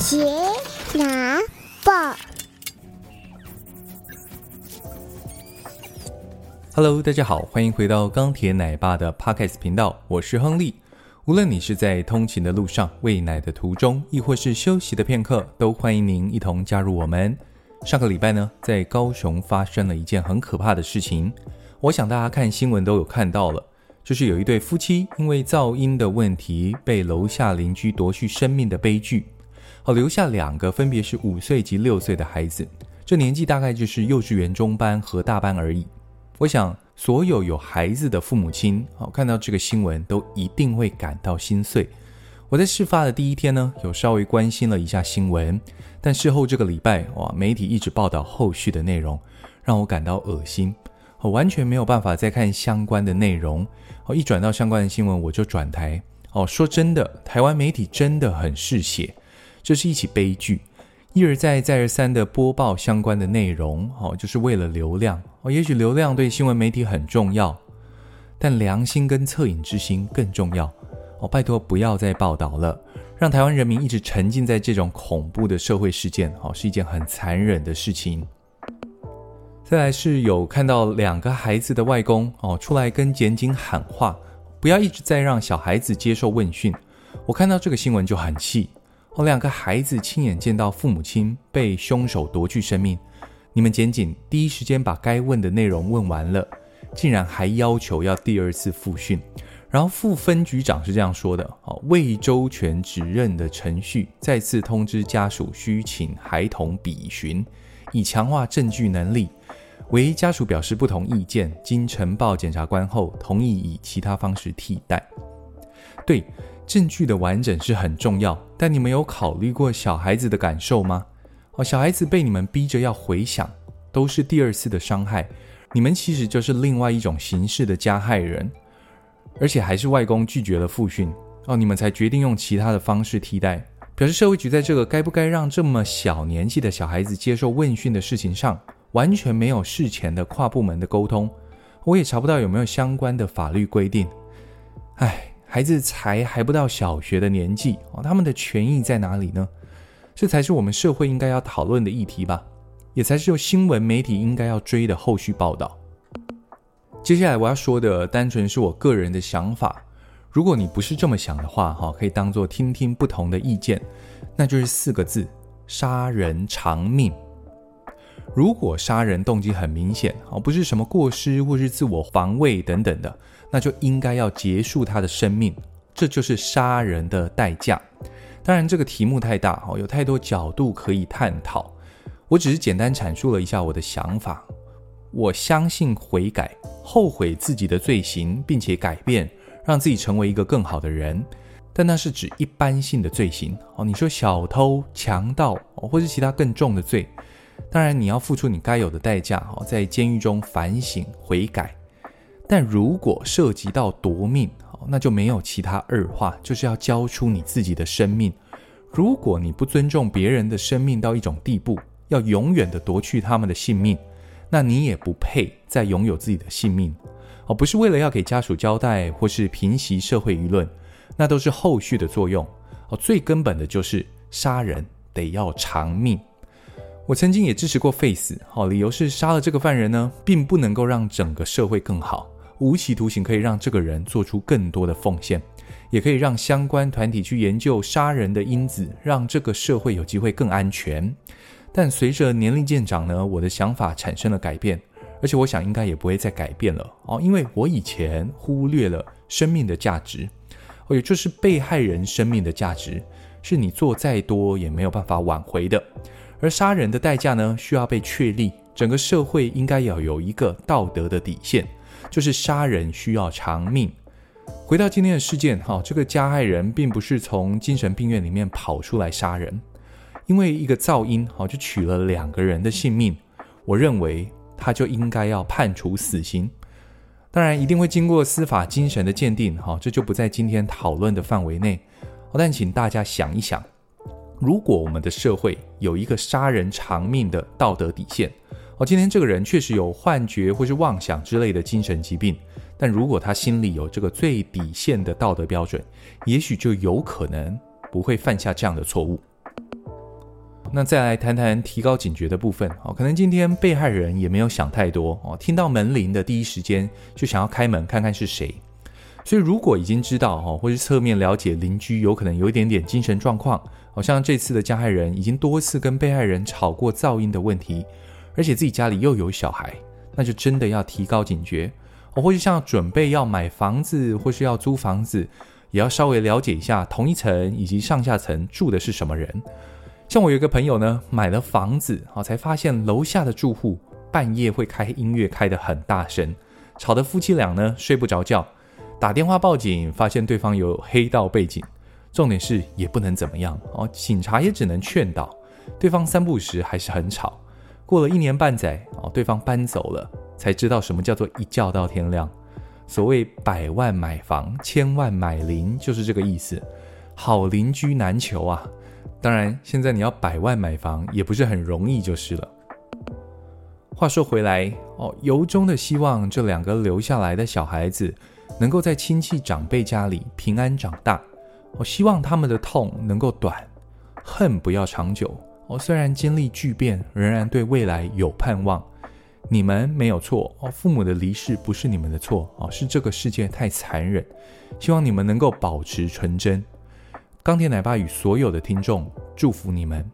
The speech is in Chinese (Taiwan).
杰拿報，Hello，大家好，歡迎回到鋼鐵奶爸的 Podcast 頻道，我是亨利。無論你是在通勤的路上、餵奶的途中，亦或是休息的片刻，都歡迎您一同加入我們。上個禮拜呢，在高雄發生了一件很可怕的事情，我想大家看新聞都有看到了，就是有一對夫妻因為噪音的問題被樓下鄰居奪去生命的悲劇。哦，留下兩個，分別是五歲及六歲的孩子，這年紀大概就是幼稚園中班和大班而已。我想，所有有孩子的父母親，哦，看到這個新聞，都一定會感到心碎。我在事發的第一天呢，有稍微關心了一下新聞，但事後這個禮拜，哇，媒體一直報道後續的內容，讓我感到惡心，我完全沒有辦法再看相關的內容，哦，一轉到相關的新聞我就轉台，哦，說真的，台灣媒體真的很嗜血。這是一起悲劇，一而再、再而三的播報相關的內容，哦，就是為了流量哦。也許流量對新聞媒體很重要，但良心跟惻隱之心更重要哦。拜託，不要再報道了，讓台灣人民一直沉浸在這種恐怖的社會事件，哦，是一件很殘忍的事情。再來是有看到兩個孩子的外公哦，出來跟檢警喊話，不要一直在讓小孩子接受問訊。我看到這個新聞就很氣。哦，兩個孩子親眼見到父母親被兇手奪去生命，你們檢警第一時間把該問的內容問完了，竟然還要求要第二次複訊。然後副分局長是這樣說的：哦，為周全指認的程序，再次通知家屬需請孩童比尋，以強化證據能力。為家屬表示不同意見，經呈報檢察官後，同意以其他方式替代。對。證據的完整是很重要，但你們有考慮過小孩子的感受嗎？哦，小孩子被你們逼着要回想，都是第二次的傷害。你們其實就是另外一種形式的加害人，而且還是外公拒絕了複訊，哦，你們才決定用其他的方式替代。表示社會局在這個該不該讓這麼小年紀的小孩子接受問訊的事情上，完全沒有事前的跨部門的溝通。我也查不到有沒有相關的法律規定。唉。孩子才還不到小學的年紀，哦，他們的權益在哪裡呢？這才是我們社會應該要討論的議題吧，也才是新聞媒體應該要追的後續報道。接下來我要說的，單純是我個人的想法。如果你不是這麼想的話，哈，哦，可以當做聽聽不同的意見。那就是四個字：殺人償命。如果殺人動機很明顯啊，不是什麼過失或是自我防衛等等的，那就應該要結束他的生命，這就是殺人的代價。當然，這個題目太大哦，有太多角度可以探討。我只是簡單闡述了一下我的想法。我相信悔改、後悔自己的罪行，並且改變，讓自己成為一個更好的人。但那是指一般性的罪行哦。你說小偷、強盜，或是其他更重的罪。當然，你要付出你該有的代價，在監獄中反省、悔改。但如果涉及到奪命，那就沒有其他二話，就是要交出你自己的生命。如果你不尊重別人的生命到一種地步，要永遠的奪去他們的性命，那你也不配再擁有自己的性命。不是為了要給家屬交代，或是平息社會輿論，那都是後續的作用。最根本的就是殺人得要償命。我曾經也支持過廢死，哦。好，理由是殺了這個犯人呢，並不能夠讓整個社會更好。無期徒刑可以讓這個人做出更多的奉獻，也可以讓相關團體去研究殺人的因子，讓這個社會有機會更安全。但隨着年齡漸長呢，我的想法產生了改變，而且我想應該也不會再改變了哦，因為我以前忽略了生命的價值，哦，也就是被害人生命的價值，是你做再多也沒有辦法挽回的。而殺人的代價呢，需要被確立。整個社會應該要有一個道德的底線，就是殺人需要償命。回到今天的事件，哈、哦，這個加害人並不是從精神病院裡面跑出來殺人，因為一個噪音，哈、哦，就取了兩個人的性命。我認為他就應該要判處死刑。當然，一定會經過司法精神的鑑定，哈、哦，這就不在今天討論的範圍內。但請大家想一想。如果我們的社會有一個殺人償命的道德底線，哦，今天這個人確實有幻覺或是妄想之類的精神疾病，但如果他心裡有這個最底線的道德標準，也許就有可能不會犯下這樣的錯誤。那再來談談提高警覺的部分哦，可能今天被害人也沒有想太多哦，聽到門鈴的第一時間就想要開門看看是誰。所以，如果已經知道哈，或是側面了解鄰居有可能有一點點精神狀況，好像這次的加害人已經多次跟被害人吵過噪音的問題，而且自己家裡又有小孩，那就真的要提高警覺。或是像準備要買房子或是要租房子，也要稍微了解一下同一層以及上下層住的是什麼人。像我有一個朋友呢，買了房子啊，才發現樓下的住戶半夜會開音樂開得很大聲，吵得夫妻倆呢睡不着覺。打電話報警，發現對方有黑道背景，重點是也不能怎麼樣哦，警察也只能勸導。對方三不五時還是很吵，過了一年半載哦，對方搬走了，才知道什麼叫做一覺到天亮。所謂百萬買房，千萬買鄰，就是這個意思。好鄰居難求啊！當然，現在你要百萬買房也不是很容易，就是了。話說回來哦，由衷的希望這兩個留下來的小孩子能夠在親戚長輩家裡平安長大，我，哦，希望他們的痛能夠短，恨不要長久。我，哦，雖然經歷巨變，仍然對未來有盼望。你們沒有錯，哦，父母的離世不是你們的錯，哦，是這個世界太殘忍。希望你們能夠保持純真。鋼鐵奶爸與所有的聽眾祝福你們。